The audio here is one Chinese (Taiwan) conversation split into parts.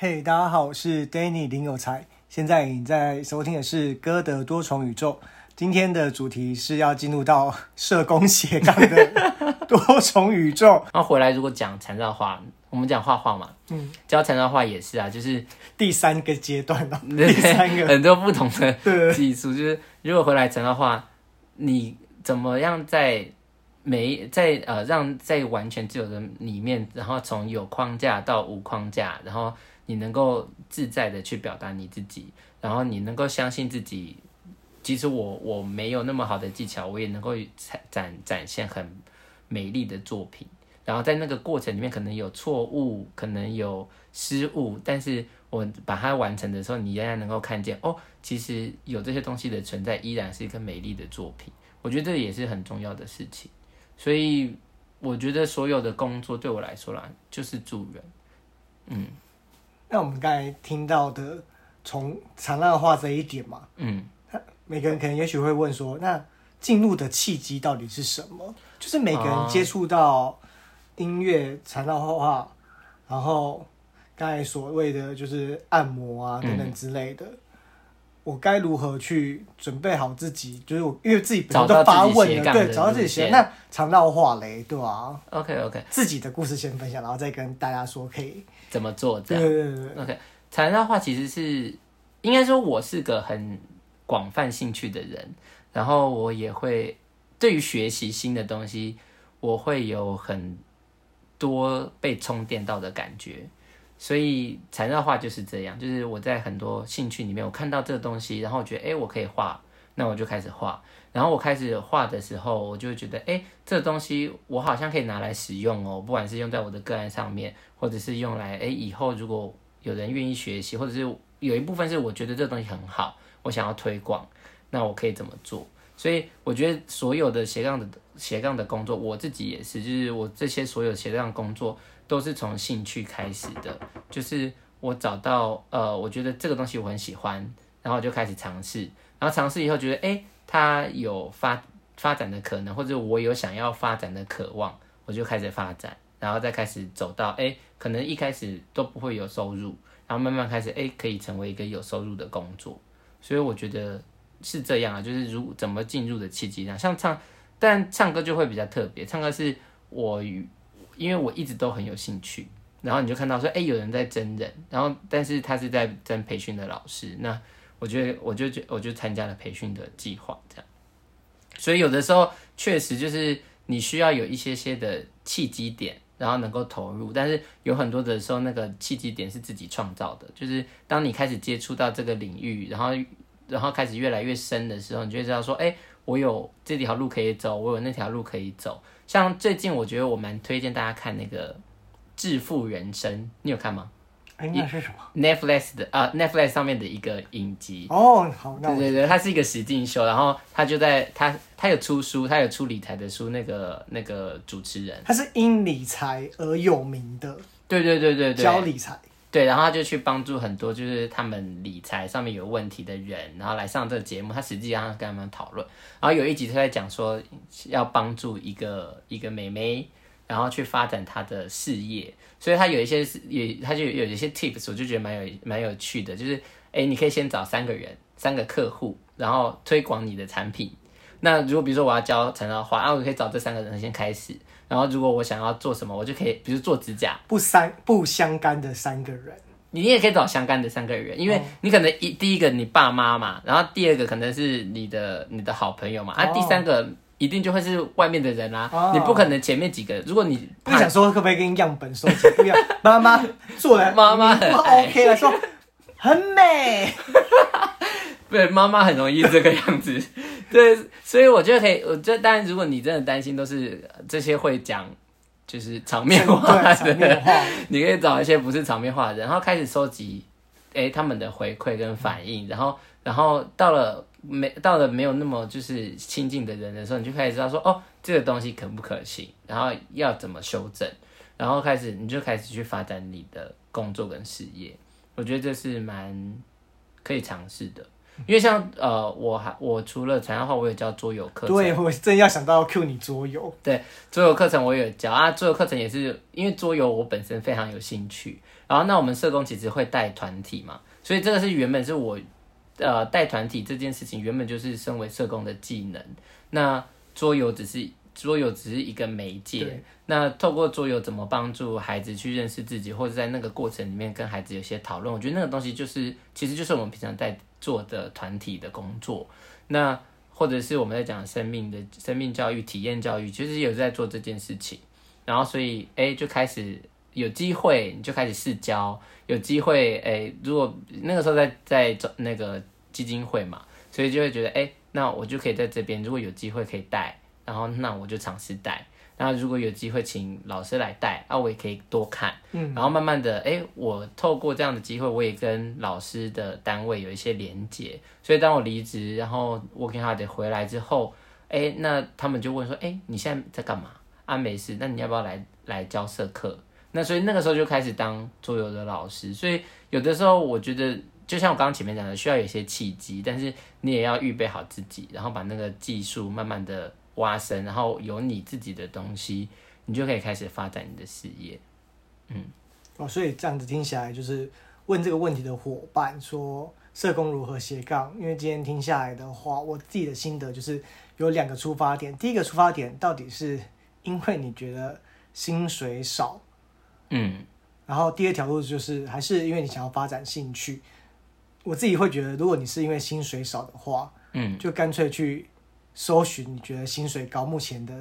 嘿、hey，大家好，我是 Danny 林有才，現在你在收聽的是《歌的多重宇宙》。今天的主題是要進入到社工斜槓的多重宇宙。然、 啊、回來，如果講禪繞畫我們講畫畫嘛，嗯，教禪繞畫也是啊，就是第三個階段吧，第三個很多不同的技術，就是如果回來禪繞畫，你怎麼樣在每在呃讓在完全自由的裡面，然後從有框架到無框架，然後。你能夠自在的去表達你自己，然後你能夠相信自己。即使我我沒有那麼好的技巧，我也能夠展展展現很美麗的作品。然後在那個過程裡面，可能有錯誤，可能有失誤，但是我把它完成的時候，你仍然能夠看見哦，其實有這些東西的存在，依然是一個美麗的作品。我覺得這也是很重要的事情。所以我覺得所有的工作對我來說啦，就是助人，嗯。那我們剛才聽到的從禪繞畫這一點嘛，嗯，每個人可能也許會問說，那進入的契機到底是什麼？就是每個人接觸到音樂禪繞畫畫，然後剛才所謂的就是按摩啊等等之類的，嗯、我該如何去準備好自己？就是我因為自己本身都發問了，對，找到自己先。那禪繞畫嘞，對啊 OK OK，自己的故事先分享，然後再跟大家說可以。怎麼做這樣？對對對對。OK，禪繞畫其實是應該說，我是個很廣泛興趣的人，然後我也會對於學習新的東西，我會有很多被充電到的感覺，所以禪繞畫就是這樣，就是我在很多興趣裡面，我看到這個東西，然後我覺得誒，我可以畫。那我就開始畫，然後我開始畫的時候，我就會覺得，哎、欸，這個東西我好像可以拿來使用哦，不管是用在我的個案上面，或者是用來，哎、欸，以後如果有人願意學習，或者是有一部分是我覺得這個東西很好，我想要推廣，那我可以怎麼做？所以我覺得所有的斜槓的斜槓的工作，我自己也是，就是我這些所有斜槓工作都是從興趣開始的，就是我找到，呃，我覺得這個東西我很喜歡，然後我就開始嘗試。然後嘗試以後覺得，誒、欸，他有發發展的可能，或者我有想要發展的渴望，我就開始發展，然後再開始走到，誒、欸，可能一開始都不會有收入，然後慢慢開始，誒、欸，可以成為一個有收入的工作。所以我覺得是這樣啊，就是如怎麼進入的契機呢？像唱，但唱歌就會比較特別，唱歌是我與，因為我一直都很有興趣。然後你就看到說，誒、欸，有人在徵人，然後但是他是在徵培訓的老師，那。我覺得我就覺我就參加了培訓的計劃，這樣，所以有的時候確實就是你需要有一些些的契機點，然後能夠投入，但是有很多的時候那個契機點是自己創造的，就是當你開始接觸到這個領域，然後然後開始越來越深的時候，你就會知道說，哎、欸，我有這條路可以走，我有那條路可以走。像最近我覺得我蠻推薦大家看那個《致富人生》，你有看嗎？欸，那是什麼？Netflix 的啊，Netflix 上面的一個影集。哦，oh，好，對對對，他是一個實境秀，然後他就在他，他有出書，他有出理財的書。那個那個主持人，他是因理財而有名的。對對對對對，教理財。對，然後他就去幫助很多就是他們理財上面有問題的人，然後來上這個節目，他實際上跟他們討論。然後有一集他在講說要幫助一個一個妹妹。然後去發展他的事業，所以他有一些是也，他就有一些 tips，我就覺得蠻有蠻有趣的，就是哎、欸，你可以先找三個人，三個客戶，然後推廣你的產品。那如果比如說我要教禪繞畫，那、啊、我可以找這三個人先開始。然後如果我想要做什麼，我就可以，比如說做指甲，不三不相干的三個人，你也可以找相干的三個人，因為你可能一、哦、第一個你爸媽嘛，然後第二個可能是你的你的好朋友嘛，啊，第三個。哦一定就會是外面的人啦，啊，oh, 你不可能前面幾個。如果你不想說，可不可以跟樣本收集？媽媽，做人媽媽，OK 了，說 很美。對， 媽媽很容易這個樣子。 對，所以我覺得可以。我覺得當然，如果你真的擔心都是這些會講，就是場面話的，嗯、對 你可以找一些不是場面話的人，然後開始收集，哎，欸，他們的回饋跟反應，嗯，然後，然後到了。沒到了沒有那麼就是親近的人的時候，你就開始知道說哦，這個東西可不可行，然後要怎麼修正，然後開始你就開始去發展你的工作跟事業。我覺得這是蠻可以嘗試的，因為像呃，我還我除了禪繞畫，我有教桌遊課程。對，我真要想到要 cue 你桌遊。對，桌遊課程我有教啊，桌遊課程也是因為桌遊我本身非常有興趣。然後那我們社工其實會帶團體嘛，所以這個是原本是我。呃，帶團體這件事情原本就是身為社工的技能。那桌遊只是桌遊只是一個媒介。那透過桌遊怎麼幫助孩子去認識自己，或者在那個過程裡面跟孩子有些討論，我覺得那個東西就是，其實就是我們平常在做的團體的工作。那或者是我們在講生命的生命教育、體驗教育，其實也有在做這件事情。然後所以，哎、欸，就開始。有機會你就開始試教，有機會，哎、欸，如果那個時候在在找那個基金會嘛，所以就會覺得，哎、欸，那我就可以在這邊，如果有機會可以帶，然後那我就嘗試帶，那如果有機會請老師來帶，啊，我也可以多看，嗯，然後慢慢的，哎、欸，我透過這樣的機會，我也跟老師的單位有一些連結，所以當我離職，然後 working holiday 回來之後，哎、欸，那他們就問說，哎、欸，你現在在幹嘛？啊，沒事，那你要不要來來教社課？那所以那個時候就開始當桌遊的老師，所以有的時候我覺得，就像我剛剛前面講的，需要有一些契機，但是你也要預備好自己，然後把那個技術慢慢的挖深，然後有你自己的東西，你就可以開始發展你的事業。嗯，哦，所以這樣子聽起來，就是問這個問題的夥伴說，社工如何斜槓？因為今天聽下來的話，我自己的心得就是有兩個出發點，第一個出發點到底是因為你覺得薪水少。嗯，然後第二條路就是，還是因為你想要發展興趣。我自己會覺得，如果你是因為薪水少的話，嗯，就乾脆去搜尋你覺得薪水高，目前的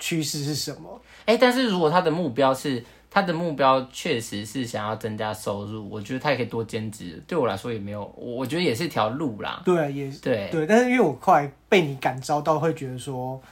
趨勢是什麼？哎、欸，但是如果他的目標是，他的目標確實是想要增加收入，我覺得他也可以多兼職。對我來說，也沒有，我我覺得也是一條路啦。對啊，也對對，但是因為我快被你感召到，會覺得說，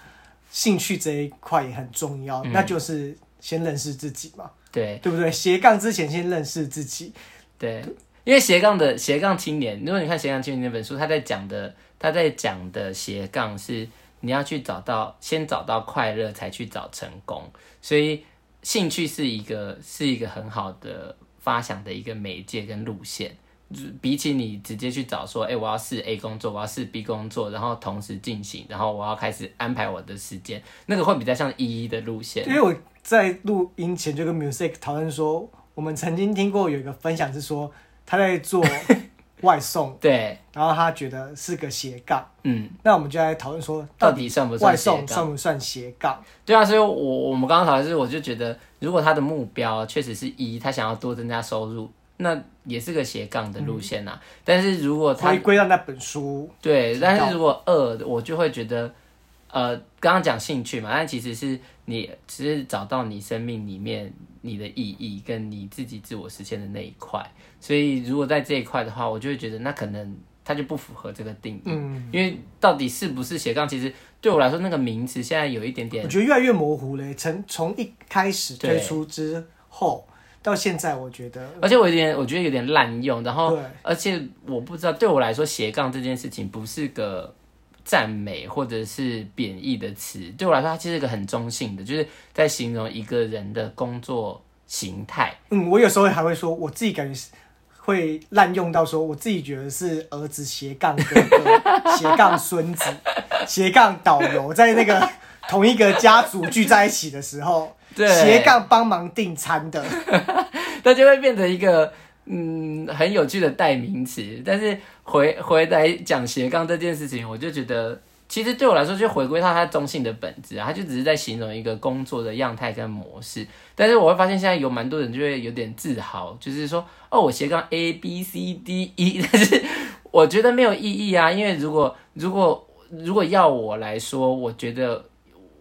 興趣這一塊也很重要，嗯、那就是。先認識自己嘛，對，對不對？斜槓之前先認識自己，對，因為斜槓的斜槓青年，如果你看斜槓青年那本書，他在講的他在講的斜槓是你要去找到先找到快樂，才去找成功，所以興趣是一個是一個很好的發想的一個媒介跟路線。就比起你直接去找說，欸、我要試 A 工作，我要試 B 工作，然後同時進行，然後我要開始安排我的時間，那個會比較像一一的路線。因為我在錄音前就跟 Muzek 討論說，我們曾經聽過有一個分享是說，他在做外送， 對，然後他覺得是個斜槓，嗯，那我們就在討論說，到底算不算外送，算不算斜槓？對啊，所以我我們剛剛討論是，我就覺得如果他的目標確實是一，他想要多增加收入。那也是個斜槓的路線吶，啊，嗯，但是如果它回歸到那本書，對，但是如果二，我就會覺得，呃，剛剛講興趣嘛，但其實是你只是找到你生命裡面你的意義跟你自己自我實現的那一塊，所以如果在這一塊的話，我就會覺得那可能它就不符合這個定義，嗯，因為到底是不是斜槓，其實對我來說那個名詞現在有一點點，我覺得越來越模糊嘞，從從一開始推出之後。到現在我覺得，而且我有點，我覺得有點濫用。然後，而且我不知道，對我來說，斜槓這件事情不是個讚美或者是貶義的詞。對我來說，它其實是個很中性的，就是在形容一個人的工作形態。嗯，我有時候還會說，我自己感覺會濫用到說，我自己覺得是兒子斜槓哥哥， 斜槓孫子，斜槓導遊。我在那個同一個家族聚在一起的時候。對，斜槓幫忙訂餐的，哈 哈那就會變成一個嗯很有趣的代名詞。但是回回來講斜槓這件事情，我就覺得其實對我來說，就回歸到它中性的本質啊，它就只是在形容一個工作的樣態跟模式。但是我會發現現在有蠻多人就會有點自豪，就是說哦，我斜槓 A B C D E。但是我覺得沒有意義啊，因為如果如果如果要我來說，我覺得。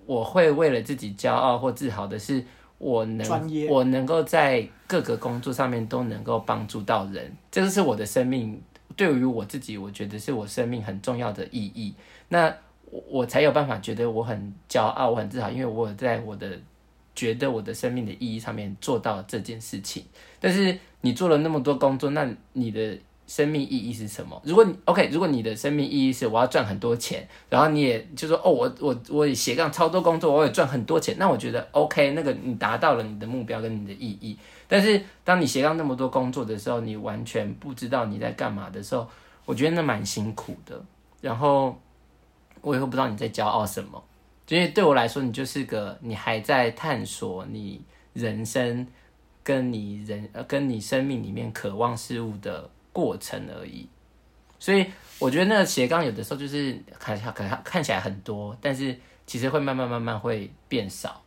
我會為了自己驕傲或自豪的是，我能我能夠在各個工作上面都能夠幫助到人，這個是我的生命對於我自己，我覺得是我生命很重要的意義。那我我才有辦法覺得我很驕傲，我很自豪，因為我在我的覺得我的生命的意義上面做到這件事情。但是你做了那麼多工作，那你的。生命意義是什麼？如果你 OK，如果你的生命意義是我要賺很多錢，然後你也就是說哦，我我我也斜槓超多工作，我也賺很多錢。那我覺得 OK，那個你達到了你的目標跟你的意義。但是當你斜槓那麼多工作的時候，你完全不知道你在幹嘛的時候，我覺得那蠻辛苦的。然後我也不知道你在驕傲什麼，因為就是對我來說，你就是個你還在探索你人生跟你人呃跟你生命裡面渴望事物的。過程而已，所以我覺得那個斜槓有的時候就是看，看看起來很多，但是其實會慢慢慢慢會變少，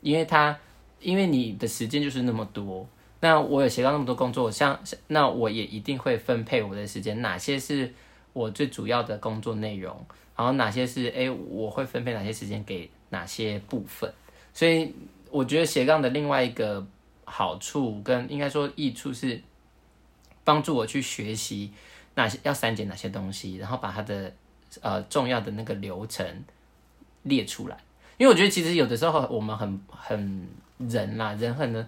因為它因為你的時間就是那麼多，那我有斜槓那麼多工作，像那我也一定會分配我的時間，哪些是我最主要的工作內容，然後哪些是哎、欸、我會分配哪些時間給哪些部分，所以我覺得斜槓的另外一個好處跟應該說益處是。幫助我去學習哪些要刪減，哪些東西，然後把它的呃重要的那個流程列出來。因為我覺得其實有的時候我們很很人啦，人很呢，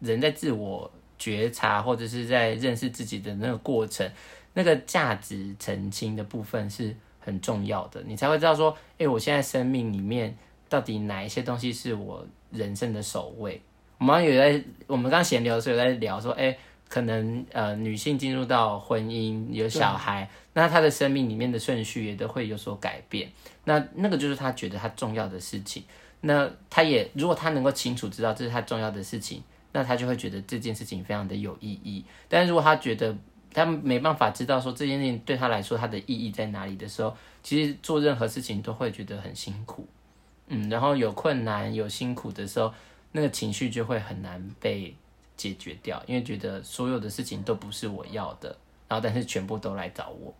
人在自我覺察或者是在認識自己的那個過程，那個價值澄清的部分是很重要的。你才會知道說，誒，我現在生命裡面到底哪一些東西是我人生的首位。我們有在我們剛閒聊的時候有在聊說，誒。可能呃，女性進入到婚姻有小孩，那她的生命裡面的順序也都會有所改變。那那個就是她覺得她重要的事情。那她也如果她能夠清楚知道這是她重要的事情，那她就會覺得這件事情非常的有意義。但如果她覺得她沒辦法知道說這件事情對她來說它的意義在哪裡的時候，其實做任何事情都會覺得很辛苦。嗯，然後有困難有辛苦的時候，那個情緒就會很難被。解決掉，因為覺得所有的事情都不是我要的，然後但是，全部都來找我。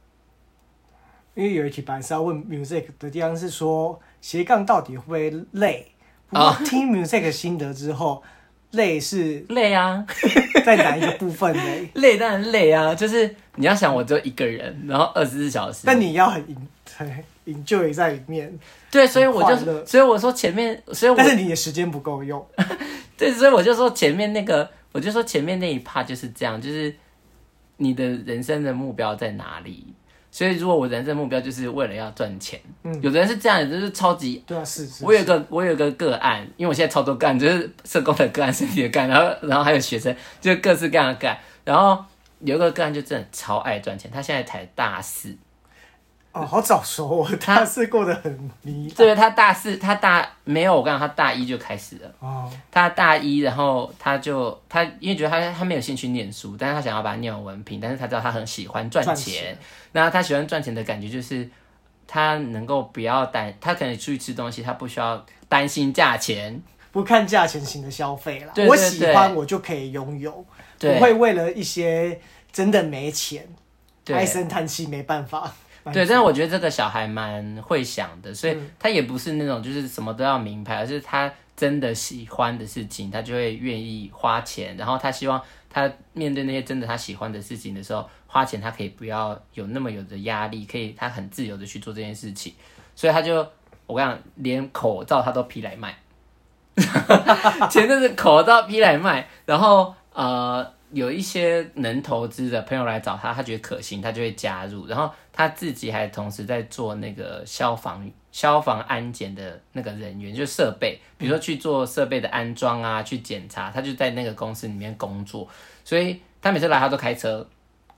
因為有一期本來是要問 music 的地方是說，斜槓到底會累？Oh. 我聽 music 心得之後，累是累啊， 在哪一個部分呢？ 累當然累啊，就是你要想，我只有一個人，然後二十四小時，那你要很 enjoy 在裡面。對，所以我就，所以我說前面，所以我但是你的時間不夠用。 對，所以我就說前面那個。我就說前面那一趴，就是這樣，就是你的人生的目標在哪裡？所以如果我的人生目標就是為了要賺錢，嗯，有的人是這樣的，就是超級對啊，是，是。我有個我有個個案，因為我現在超多個案，就是社工的個案、生意的個案，然後然後還有學生，就各式各樣的個案。然後有一個個案就真的超愛賺錢，他現在才大四。哦，好早熟，哦，他是過得很迷。對，就是，他大四，啊，他大沒有我剛剛，他大一就開始了。哦，他大一，然後他就他因為覺得他他沒有興趣念書，但是他想要把他念完文憑，但是他知道他很喜歡賺錢。那他喜歡賺錢的感覺就是他能夠不要擔，他可能出去吃東西，他不需要擔心價錢，不看價錢型的消費了。我喜歡，我就可以擁有，對，不會為了一些真的沒錢，唉聲嘆氣，沒辦法。對，但是我覺得這個小孩蠻會想的，所以他也不是那種就是什麼都要名牌，而是他真的喜歡的事情，他就會願意花錢。然後他希望他面對那些真的他喜歡的事情的時候，花錢他可以不要有那麼有的壓力，可以他很自由的去做這件事情。所以他就我跟你講，連口罩他都批來賣， 前陣子口罩批來賣，然後呃有一些能投資的朋友來找他，他覺得可行，他就會加入，然後。他自己還同時在做那個消防消防安檢的那個人員，就是設備，比如說去做設備的安裝啊，去檢查，他就在那個公司裡面工作，所以他每次來他都開車。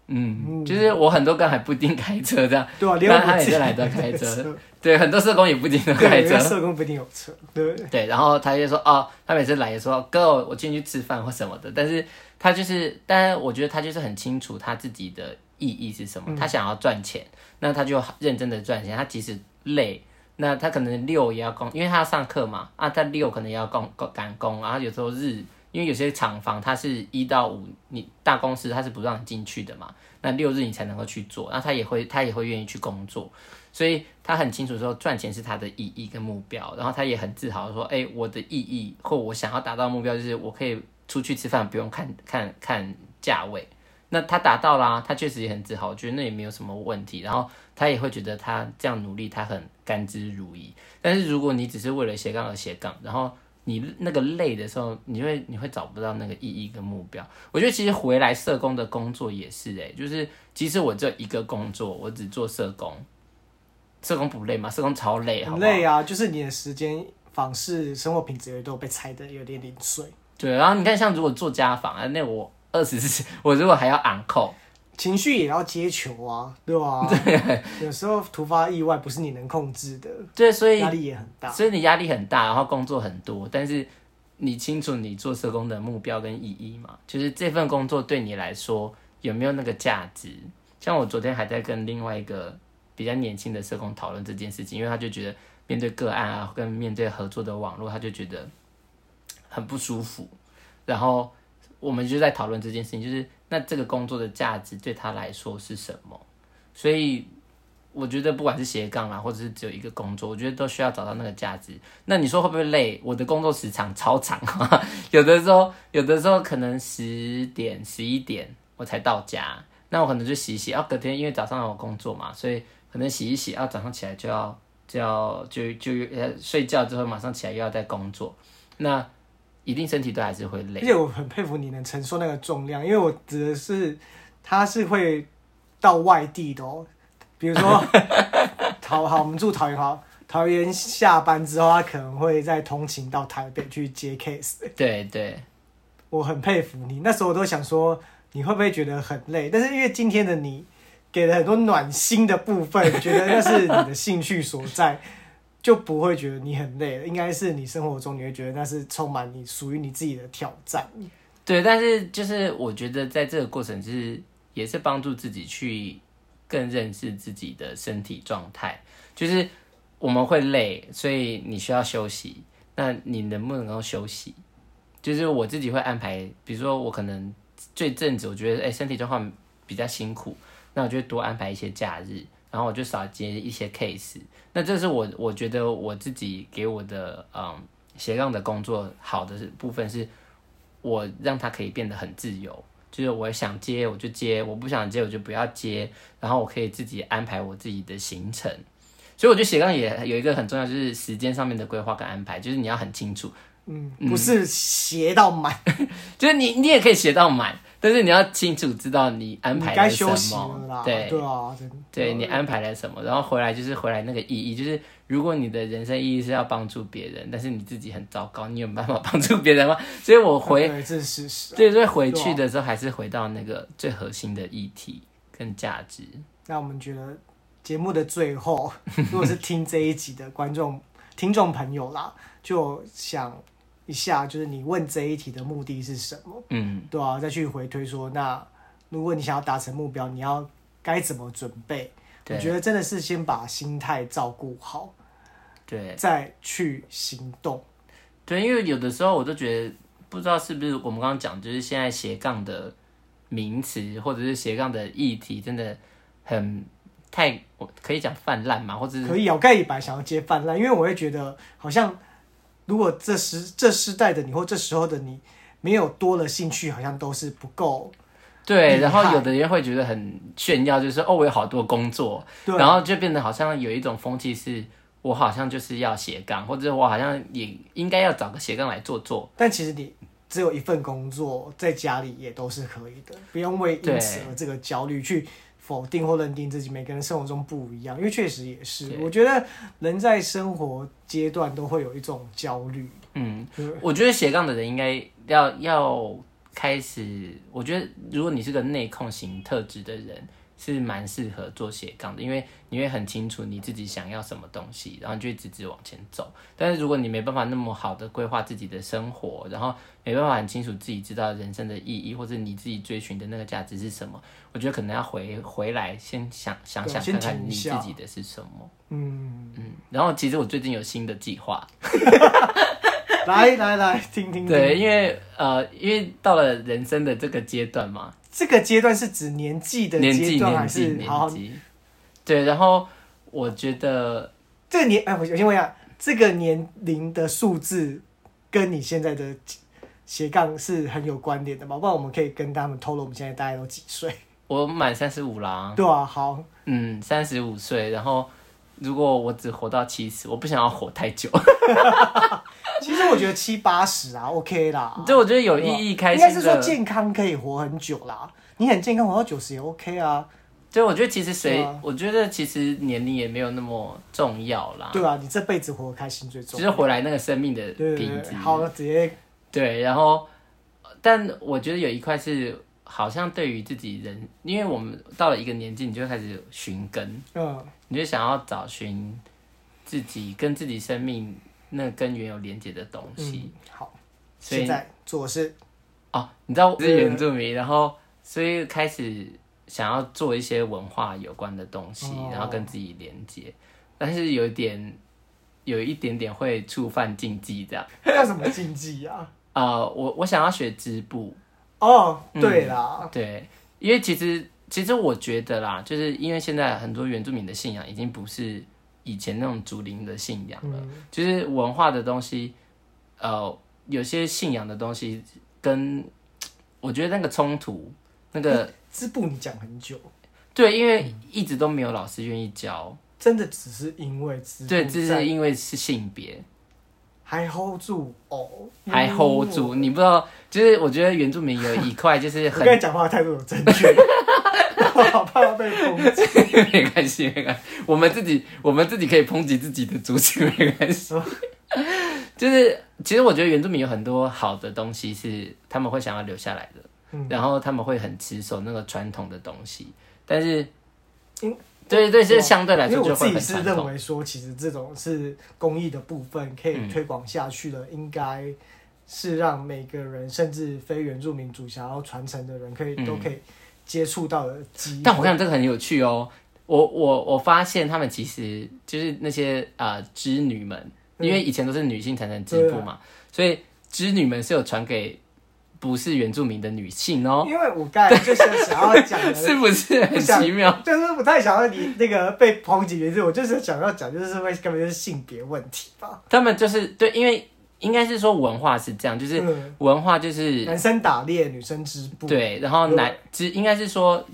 嗯，嗯，就是我很多剛還不一定開車這樣，嗯、但他每次對啊，連我姐來都開車，對，很多社工也不一定開車，對社工不一定有車，對。對，然後他就說哦，他每次來也說哥，我進去吃飯或什麼的，但是他就是，但我覺得他就是很清楚他自己的意義是什麼，嗯、他想要賺錢，那他就認真的賺錢，他即使累，那他可能六也要工，因為他要上課嘛，啊，他六可能也要工趕工，然後、啊、有時候日。因為有些廠房，它是一到五，你大公司它是不讓你進去的嘛。那六日你才能夠去做，那他也會，他也會願意去工作，所以他很清楚說賺錢是他的意義跟目標，然後他也很自豪說，哎，我的意義或我想要達到的目標就是我可以出去吃飯不用看看看價位，那他達到啦啊，他確實也很自豪，我覺得那也沒有什麼問題，然後他也會覺得他這樣努力，他很甘之如飴。但是如果你只是為了斜槓而斜槓，然後。你那個累的時候，你會你會找不到那個意義跟目標。我覺得其實回來社工的工作也是、欸，哎，就是其實我這一個工作，我只做社工，社工不累嗎？社工超累，好累啊好不好？就是你的時間、房事、生活品質，都被拆得有點零碎。對，然後你看，像如果做家訪啊，那我二十四，我如果還要 on call。情緒也要接球啊，對吧？對，有時候突發意外不是你能控制的。對，所以壓力也很大。所以你壓力很大，然後工作很多，但是你清楚你做社工的目標跟意義嘛？就是這份工作對你來說有沒有那個價值？像我昨天還在跟另外一個比較年輕的社工討論這件事情，因為他就覺得面對個案啊，跟面對合作的網絡，他就覺得很不舒服。然後我們就在討論這件事情，就是。那這個工作的價值對他來說是什麼？所以我覺得，不管是斜槓啊，或者是只有一個工作，我覺得都需要找到那個價值。那你說會不會累？我的工作時長超長，啊， 有的時候有的時候可能十點十一點我才到家，那我可能就洗洗。啊隔天因為早上我工作嘛，所以可能洗一洗，啊，早上起來就要就要就就呃睡覺之後馬上起來又要再工作。那一定身體都還是會累，而且我很佩服你能承受那個重量，因為我指的是他是會到外地的哦，比如說桃 好，我們住桃園，桃園下班之後，他可能會再通勤到臺北去接 case。對對，我很佩服你，那時候我都想說你會不會覺得很累，但是因為今天的你給了很多暖心的部分，覺得那是你的興趣所在。 就不會覺得你很累了，應該是你生活中你會覺得那是充滿你屬於你自己的挑戰。對，但是就是我覺得在這個過程，就是也是幫助自己去更認識自己的身體狀態。就是我們會累，所以你需要休息。那你能不能夠休息？就是我自己會安排，比如說我可能最近我覺得哎、欸、身體狀況比較辛苦，那我就會多安排一些假日。然後我就少接一些 case，那這是我我覺得我自己給我的嗯斜槓的工作好的部分是，我讓他可以變得很自由，就是我想接我就接，我不想接我就不要接，然後我可以自己安排我自己的行程，所以我覺得斜槓也有一個很重要就是時間上面的規劃跟安排，就是你要很清楚，嗯，嗯不是斜到滿， 就是你你也可以斜到滿。但是你要清楚知道你安排了什麼，對對、啊對，對啊，你安排了什麼，然後回來就是回來那個意義，就是如果你的人生意義是要幫助別人，但是你自己很糟糕，你有辦法幫助別人嗎？所以我回這是，嗯，對，啊，所以回去的時候還是回到那個最核心的議題跟價值。那我們覺得節目的最後，如果是聽這一集的觀眾 聽眾朋友啦，就想。一下，就是你問這一題的目的是什麼？嗯，對啊，再去回推說，那如果你想要達成目標，你要該怎麼準備？對，我覺得真的是先把心態照顧好，對，再去行動。對，因為有的時候我都覺得，不知道是不是我們剛剛講，就是現在斜槓的名詞或者是斜槓的議題，真的很太我可以講泛濫嘛，或者是可以哦，蓋一百想要接泛濫，因為我會覺得好像。如果這時這時代的你或這時候的你沒有多的興趣，好像都是不夠。對，然後有的人會覺得很炫耀，就是哦，我有好多工作，然後就變得好像有一種風氣是，是我好像就是要斜槓，或者我好像也應該要找個斜槓來做做。但其實你只有一份工作，在家裡也都是可以的，不用為因此而這個焦慮去，否定或認定自己，每個人生活中不一樣，因為確實也是。我覺得人在生活階段都會有一種焦慮。嗯， 我覺得斜槓的人應該要要開始。我覺得如果你是個內控型特質的人，是蠻適合做斜槓的，因為你會很清楚你自己想要什麼東西，然後就會直接往前走。但是如果你沒辦法那麼好的規劃自己的生活，然後沒辦法很清楚自己知道人生的意義，或者你自己追尋的那個價值是什麼，我覺得可能要回回來先想想想看看你自己的是什麼。嗯嗯。然後其實我最近有新的計劃 來來來聽聽。對，因為呃，因為到了人生的這個階段嘛。這個階段是指年紀的階段還是年紀年紀年紀好？對，然後我覺得這個年，哎，我先問一下，這個年齡的數字跟你現在的斜槓是很有關聯的嗎？不然我們可以跟他們透露，我們現在大概都幾歲？我滿三十五了， 對啊，好，嗯，三十五歲，然後。如果我只活到七十，我不想要活太久。 其實我覺得七八十啊，OK 啦。就我覺得有意義、開心的。應該是說健康可以活很久啦。你很健康，活到九十也 OK 啊。所以我覺得其實誰，我覺得其實年齡也沒有那麼重要啦。對啊，你這輩子活得開心最重要。就是回來那個生命的品質。對對對，好，直接。對，然後，但我覺得有一塊是。好像對於自己人，因為我們到了一個年紀，你就開始尋根，嗯，你就想要找尋自己跟自己生命那根源有連接的東西，嗯。好，所以現在做事哦，你知道我是原住民，然後所以開始想要做一些文化有關的東西，嗯，然後跟自己連接，但是有一點，有一點點會觸犯禁忌，這樣。那什麼禁忌呀？啊， 呃、我我想要學織布。哦、oh, 嗯，對啦，對，因為其實其實我覺得啦，就是因為現在很多原住民的信仰已經不是以前那種祖靈的信仰了，嗯、就是文化的東西，呃，有些信仰的東西跟我覺得那個衝突，那個織布你，你講很久，對，因為一直都沒有老師願意教，嗯、真的只是因為織布，對，只是因為是性別。還 hold 住哦！還、oh, hold 住、嗯，你不知道，就是我覺得原住民有一塊就是很。 我跟你講話態度有正確。 好怕被抨擊。 沒關係，沒關係，我們自己，我們自己可以抨擊自己的族群，沒關係。 就是，其實我覺得原住民有很多好的東西是他們會想要留下來的，嗯、然後他們會很持守那個傳統的東西，但是，嗯。對，對對，是相對來說，因為我自己是認為說，其實這種是公益的部分、嗯、可以推廣下去的，應該是讓每個人，甚至非原住民族想要傳承的人，可以、嗯、都可以接觸到的機會。但我看這個很有趣哦，我我我發現他們其實就是那些啊、呃、織女們，因為以前都是女性才能織布、嗯、嘛、啊，所以織女們是有傳給。不是原住民的女性哦、喔，因為我剛才就是想要講， 是不是很奇妙？就是不太想要你那個被抨擊原住民，我就是想要講，就是會根本就是性別問題吧。他們就是對，因為應該是說文化是這樣，就是文化就是、嗯、男生打獵，女生織布。對，然後男織、嗯、應該是說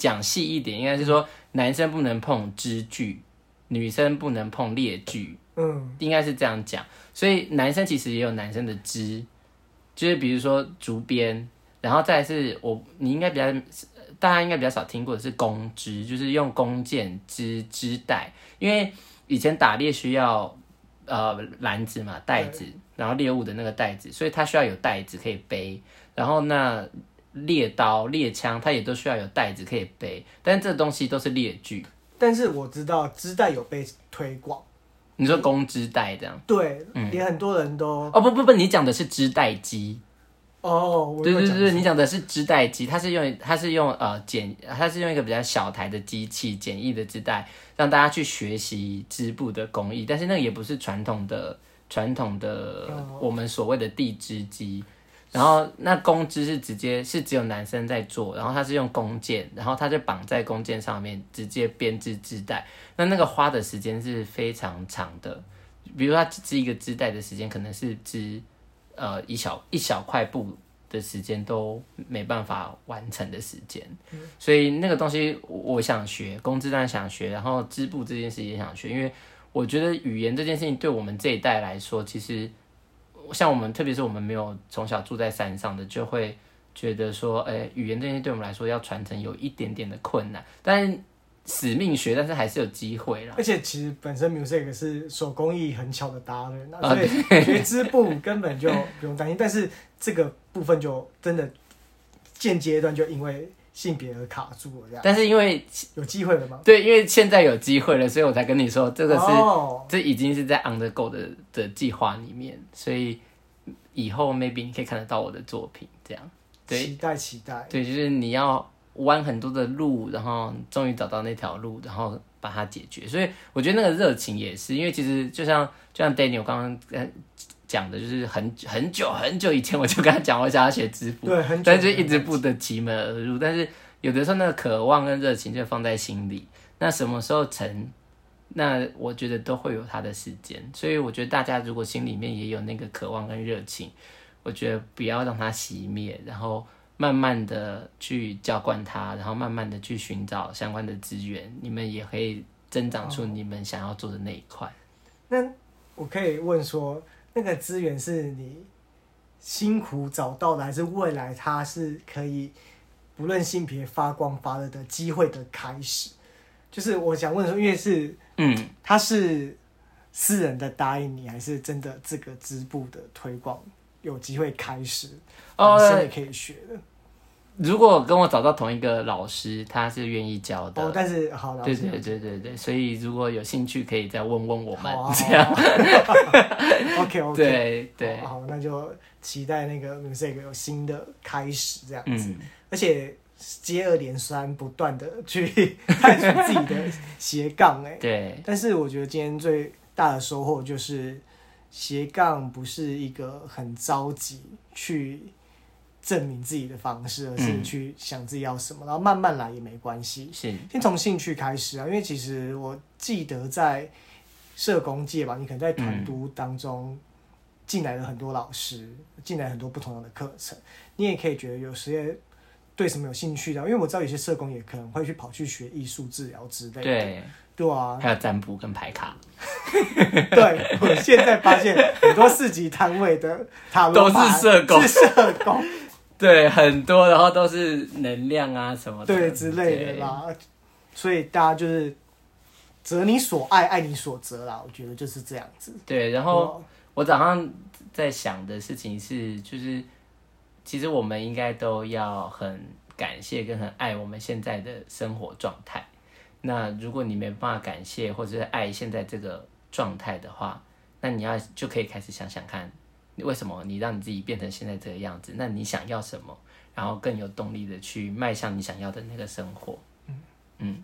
講細一點，應該是說男生不能碰織具，女生不能碰獵具。嗯，應該是這樣講。所以男生其實也有男生的織。就是比如說竹編，然後再是我你應該比較，大家應該比較少聽過的是弓織，就是用弓箭織織帶，因為以前打獵需要，呃籃子嘛、袋子，然後獵物的那個袋子，所以它需要有袋子可以背，然後那獵刀、獵槍它也都需要有袋子可以背，但這東西都是獵具。但是我知道織帶有被推廣。你說“工織帶”這樣，對，也、嗯、很多人都哦、oh,，不不不，你講的是織帶機哦，對、oh, 對對，你講的是織帶機，它是用它是用呃簡，它是用一個比較小台的機器，簡易的織帶，讓大家去學習織布的工藝，但是那個也不是傳統的傳統的我們所謂的地織機。然後那弓織是直接是只有男生在做，然後他是用弓箭，然後他就綁在弓箭上面直接編織織帶。那那個花的時間是非常長的，比如說他織一個織帶的時間，可能是織呃一小一小塊布的時間都沒辦法完成的時間。嗯、所以那個東西我想學弓織當然想學，然後織布這件事也想學，因為我覺得語言這件事情對我們這一代來說，其實。像我們，特別是我們沒有從小住在山上的，就會覺得說，哎，語言這些對我們來說要傳承有一點點的困難。但使命學，但是還是有機會啦。而且其實本身 Muzek 是手工藝很巧的達人，啊，所以學織布根本就不用擔心。 但是這個部分就真的間接段就因為。性別而卡住了，但是因為有機會了嗎？對，因為現在有機會了，所以我才跟你說這個是，oh. 這已經是在 undergo 的的計劃裡面，所以以後 maybe 你可以看得到我的作品，這樣。對，期待期待。對，就是你要彎很多的路，然後終於找到那條路，然後把它解決。所以我覺得那個熱情也是，因為其實就像就像 Daniel 剛剛。講的就是很很久很久以前，我就跟他講，我想要學織布，但是，是一直不得其門而入。但是有的時候，那個渴望跟熱情就放在心裡。那什麼時候成？那我覺得都會有他的時間。所以我覺得大家如果心裡面也有那個渴望跟熱情，我覺得不要讓它熄滅，然後慢慢的去澆灌它，然後慢慢的去尋找相關的資源，你們也可以增長出你們想要做的那一塊。那我可以問說？那個資源是你辛苦找到的，還是未來它是可以不論性別發光發熱的機會的開始？就是我想問說，因為是嗯，它是私人的答應你，還是真的這個織布的推廣有機會開始，哦，男生也可以學的？如果跟我找到同一個老師，他是願意教的。哦、oh,，但是好老師。對對對對、okay. 所以如果有興趣，可以再問問我們。好好好好這樣 OK OK 對。對對，好，那就期待那個 Muzek 有新的開始，這樣子、嗯。而且接二連三不斷的去探索自己的斜槓，哎。 對。但是我覺得今天最大的收穫就是斜槓不是一個很着急去。證明自己的方式，而是去想自己要什麼，嗯，然後慢慢來也沒關係。是，嗯，先從興趣開始啊，因為其實我記得在社工界吧，你可能在團都當中進來了很多老師，嗯、進來很多不同樣的課程。你也可以覺得有時也對什麼有興趣的，因為我知道有些社工也可能會去跑去學藝術治療之類的。的。對啊，還有占卜跟牌卡。 對，我現在發現很多市集攤位的塔羅都是社工，是社工。對，很多，然後都是能量啊什麼的，對之類的啦。所以大家就是擇你所愛，愛你所擇啦。我覺得就是這樣子。對，然後我，我早上在想的事情是，就是其實我們應該都要很感謝跟很愛我們現在的生活狀態。那如果你沒辦法感謝或者是愛現在這個狀態的話，那你要就可以開始想想看。為什麼你讓你自己變成現在這個樣子？那你想要什麼？然後更有動力的去邁向你想要的那個生活。嗯，嗯。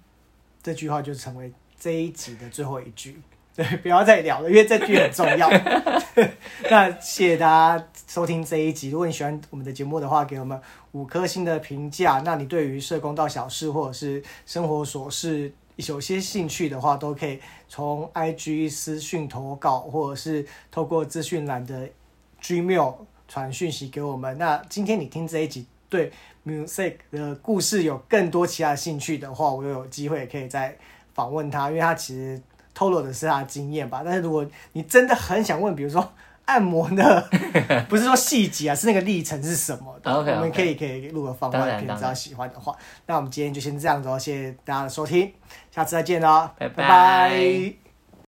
這句話就成為這一集的最後一句。對，不要再聊了，因為這句很重要。 那謝謝大家收聽這一集。如果你喜歡我們的節目的話，給我們五顆星的評價。那你對於社工到小事或者是生活瑣事有些興趣的話，都可以從 IG 私訊投稿，或者是透過資訊欄的。Gmail 傳訊息給我們。那今天你聽這一集對 Muzek 的故事有更多其他興趣的話，我又有機會可以再訪問他，因為他其實透露的是他的經驗吧。但是如果你真的很想問，比如說按摩的， 不是說細節啊，是那個歷程是什麼的，okay, okay. 我們可以可以錄個放話，可以只要喜歡的話。那我們今天就先這樣子，謝謝大家的收聽，下次再見啦，拜拜。Bye bye